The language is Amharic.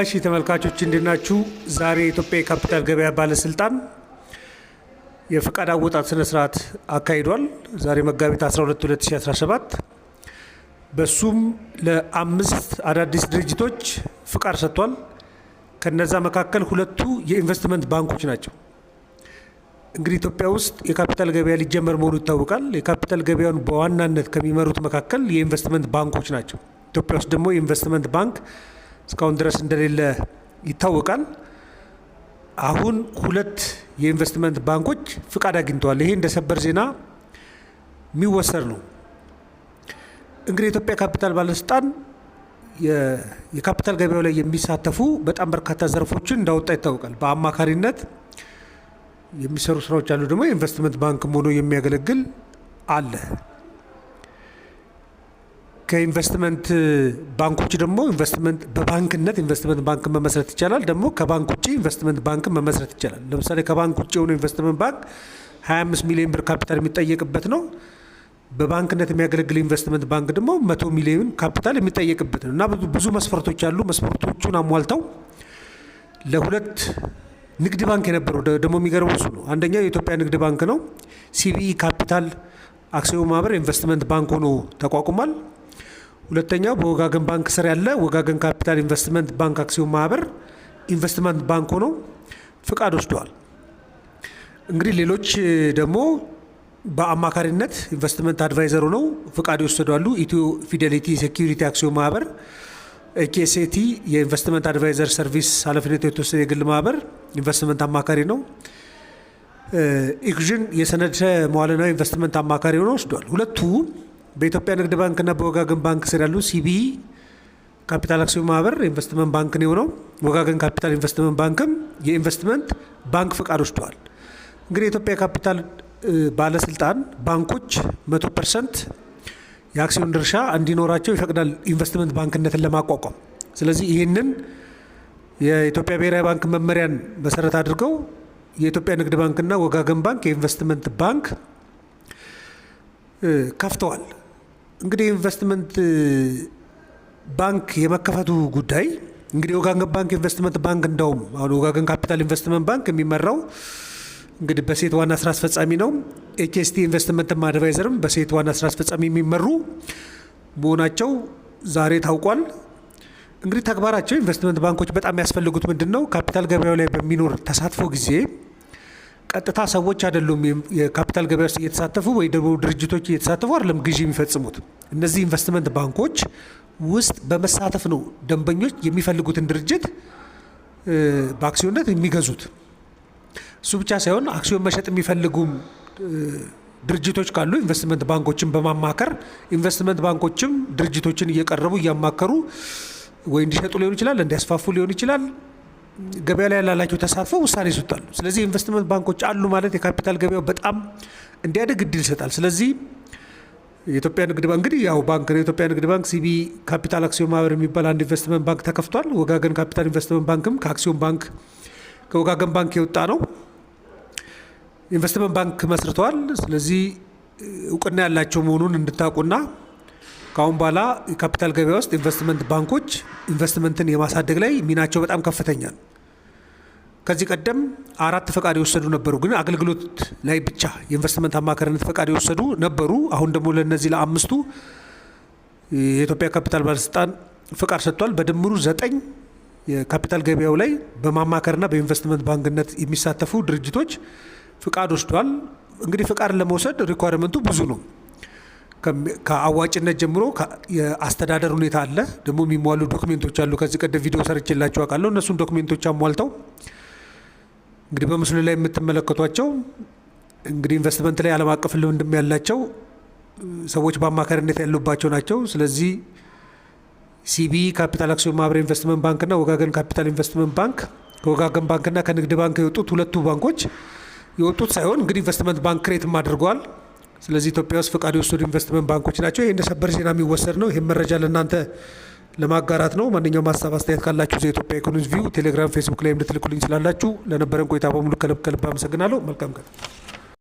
እሺ ተመልካቾች እንድናችሁ ዛሬ የኢትዮጵያ የካፒታል ገበያ ባለስልጣን የፈቃድ አወጣት ስነ ስርዓት አካሂዷል። ዛሬ መጋቢት 12 2017 በሱም ለአምስት አዳዲስ ድርጅቶች ፍቃድ ሰጥቷል። ከነዛ መካከል ሁለቱ የኢንቨስትመንት ባንኮች ናቸው። እንግዲህ ኢትዮጵያ ውስጥ የካፒታል ገበያ ሊጀመር መሆኑ ይታወቃል። የካፒታል ገበያውን በዋናነት ከሚመሩት መካከል የኢንቨስትመንት ባንኮች ናቸው። ኢትዮጵያ ውስጥ ደግሞ የኢንቨስትመንት ባንክ እስካሁን ድረስ እንደሌለ ይታወቃል። አሁን ሁለት የኢንቨስትመንት ባንኮች ፍቃድ አግኝተዋል። ይሄ እንደ ሰበር ዜና የሚወሰድ ነው። እንግዲህ የኢትዮጵያ ካፒታል ባለስልጣን የካፒታል ገበያው ላይ የሚሳተፉ በጣም በርካታ ዘርፎችን እንዳወጣ ይታወቃል። በአማካሪነት የሚሰሩ ስራዎች አሉ። ደግሞ የኢንቨስትመንት ባንክም ሆኖ የሚያገለግል አለ። ከኢንቨስትመንት ባንኮች ደግሞ ኢንቨስትመንት በባንክነት ኢንቨስትመንት ባንክ መመስረት ይቻላል። ደግሞ ከባንክ ውጭ ኢንቨስትመንት ባንክ መመስረት ይቻላል። ለምሳሌ ከባንክ ውጭ የሆነ ኢንቨስትመንት ባንክ 25 ሚሊዮን ብር ካፒታል የሚጠየቅበት ነው። በባንክነት የሚያገለግል ኢንቨስትመንት ባንክ ደግሞ መቶ ሚሊዮን ካፒታል የሚጠየቅበት ነው እና ብዙ መስፈርቶች አሉ። መስፈርቶቹን አሟልተው ለሁለት ንግድ ባንክ የነበረው ደግሞ የሚገርመው እሱ ነው። አንደኛው የኢትዮጵያ ንግድ ባንክ ነው። ሲቢኢ ካፒታል አክሲዮን ማህበር ኢንቨስትመንት ባንክ ሆኖ ተቋቁሟል። ሁለተኛው በወጋገን ባንክ ስር ያለ ወጋገን ካፒታል ኢንቨስትመንት ባንክ አክሲዮን ማህበር ኢንቨስትመንት ባንክ ሆኖ ፍቃድ ወስደዋል። እንግዲህ ሌሎች ደግሞ በአማካሪነት ኢንቨስትመንት አድቫይዘር ሆነው ፍቃድ ይወሰዷሉ። ኢትዮ ፊደሊቲ ሴኪሪቲ አክሲዮን ማህበር ኬሴቲ የኢንቨስትመንት አድቫይዘር ሰርቪስ ኃላፊነቱ የተወሰነ የግል ማህበር ኢንቨስትመንት አማካሪ ነው። ኢክዥን የሰነደ መዋለናዊ ኢንቨስትመንት አማካሪ ሆኖ ወስዷል። ሁለቱ በኢትዮጵያ ንግድ ባንክና በወጋገን ባንክ ስር ያሉ ሲቢ ካፒታል አክሲዮን ማህበር ኢንቨስትመንት ባንክ ነው የሆነው። ወጋገን ካፒታል ኢንቨስትመንት ባንክም የኢንቨስትመንት ባንክ ፈቃድ ወስደዋል። እንግዲህ የኢትዮጵያ ካፒታል ባለስልጣን ባንኮች መቶ ፐርሰንት የአክሲዮን ድርሻ እንዲኖራቸው ይፈቅዳል ኢንቨስትመንት ባንክነትን ለማቋቋም። ስለዚህ ይህንን የኢትዮጵያ ብሔራዊ ባንክ መመሪያን መሰረት አድርገው የኢትዮጵያ ንግድ ባንክና ወጋገን ባንክ የኢንቨስትመንት ባንክ ከፍተዋል። እንግዲህ ኢንቨስትመንት ባንክ የመከፈቱ ጉዳይ እንግዲህ ወጋገን ባንክ ኢንቨስትመንት ባንክ እንደውም አሁን ወጋገን ካፒታል ኢንቨስትመንት ባንክ የሚመራው እንግዲህ በሴት ዋና ስራ አስፈጻሚ ነው። ኤችኤስቲ ኢንቨስትመንት አድቫይዘርም በሴት ዋና ስራ አስፈጻሚ የሚመሩ መሆናቸው ዛሬ ታውቋል። እንግዲህ ተግባራቸው ኢንቨስትመንት ባንኮች በጣም ያስፈልጉት ምንድን ነው? ካፒታል ገበያው ላይ በሚኖር ተሳትፎ ጊዜ ቀጥታ ሰዎች አይደሉም የካፒታል ገበያ ውስጥ እየተሳተፉ ወይ ደግሞ ድርጅቶች እየተሳተፉ አይደለም ግዢ የሚፈጽሙት። እነዚህ ኢንቨስትመንት ባንኮች ውስጥ በመሳተፍ ነው ደንበኞች የሚፈልጉትን ድርጅት በአክሲዮነት የሚገዙት። እሱ ብቻ ሳይሆን አክሲዮን መሸጥ የሚፈልጉም ድርጅቶች ካሉ ኢንቨስትመንት ባንኮችን በማማከር ኢንቨስትመንት ባንኮችም ድርጅቶችን እየቀረቡ እያማከሩ ወይ እንዲሸጡ ሊሆን ይችላል፣ እንዲያስፋፉ ሊሆን ይችላል። ገበያ ላይ ያላላቸው ተሳትፎ ውሳኔ ይሰጣሉ። ስለዚህ ኢንቨስትመንት ባንኮች አሉ ማለት የካፒታል ገበያው በጣም እንዲያደግ እድል ይሰጣል። ስለዚህ የኢትዮጵያ ንግድ ባንክ እንግዲህ ያው ባንክ የኢትዮጵያ ንግድ ባንክ ሲቢ ካፒታል አክሲዮን ማህበር የሚባል አንድ ኢንቨስትመንት ባንክ ተከፍቷል። ወጋገን ካፒታል ኢንቨስትመንት ባንክም ከአክሲዮን ባንክ ከወጋገን ባንክ የወጣ ነው። ኢንቨስትመንት ባንክ መስርተዋል። ስለዚህ እውቅና ያላቸው መሆኑን እንድታውቁና ከአሁን በኋላ የካፒታል ገበያ ውስጥ ኢንቨስትመንት ባንኮች ኢንቨስትመንትን የማሳደግ ላይ ሚናቸው በጣም ከፍተኛ ነው። ከዚህ ቀደም አራት ፈቃድ የወሰዱ ነበሩ፣ ግን አገልግሎት ላይ ብቻ የኢንቨስትመንት አማካሪነት ፈቃድ የወሰዱ ነበሩ። አሁን ደግሞ ለእነዚህ ለአምስቱ የኢትዮጵያ ካፒታል ባለስልጣን ፍቃድ ሰጥቷል። በድምሩ ዘጠኝ የካፒታል ገበያው ላይ በማማከርና በኢንቨስትመንት ባንክነት የሚሳተፉ ድርጅቶች ፍቃድ ወስዷል። እንግዲህ ፍቃድ ለመውሰድ ሪኳርመንቱ ብዙ ነው። ከአዋጭነት ጀምሮ የአስተዳደር ሁኔታ አለ። ደግሞ የሚሟሉ ዶክሜንቶች አሉ። ከዚህ ቀደም ቪዲዮ ሰርችላቸው አውቃለሁ። እነሱን ዶክሜንቶች አሟልተው እንግዲህ በምስሉ ላይ የምትመለከቷቸው እንግዲህ ኢንቨስትመንት ላይ ዓለም አቀፍ ልምድም ያላቸው ሰዎች በአማካሪነት ያሉባቸው ናቸው። ስለዚህ ሲቢ ካፒታል አክሲዮን ማህበር ኢንቨስትመንት ባንክና ወጋገን ካፒታል ኢንቨስትመንት ባንክ ከወጋገን ባንክና ከንግድ ባንክ የወጡት ሁለቱ ባንኮች የወጡት ሳይሆን እንግዲህ ኢንቨስትመንት ባንክ ክሬትም አድርጓል። ስለዚህ ኢትዮጵያ ውስጥ ፈቃድ የወሰዱ ኢንቨስትመንት ባንኮች ናቸው። ይህ እንደ ሰበር ዜና የሚወሰድ ነው። ይህም መረጃ ለእናንተ ለማጋራት ነው። ማንኛውም ሀሳብ አስተያየት ካላችሁ ዘኢትዮጵያ ኢኮኖሚ ቪው ቴሌግራም፣ ፌስቡክ ላይ እንድትልኩልኝ ስላላችሁ ለነበረን ቆይታ በሙሉ ከልብ ከልብ አመሰግናለሁ። መልካም ቀን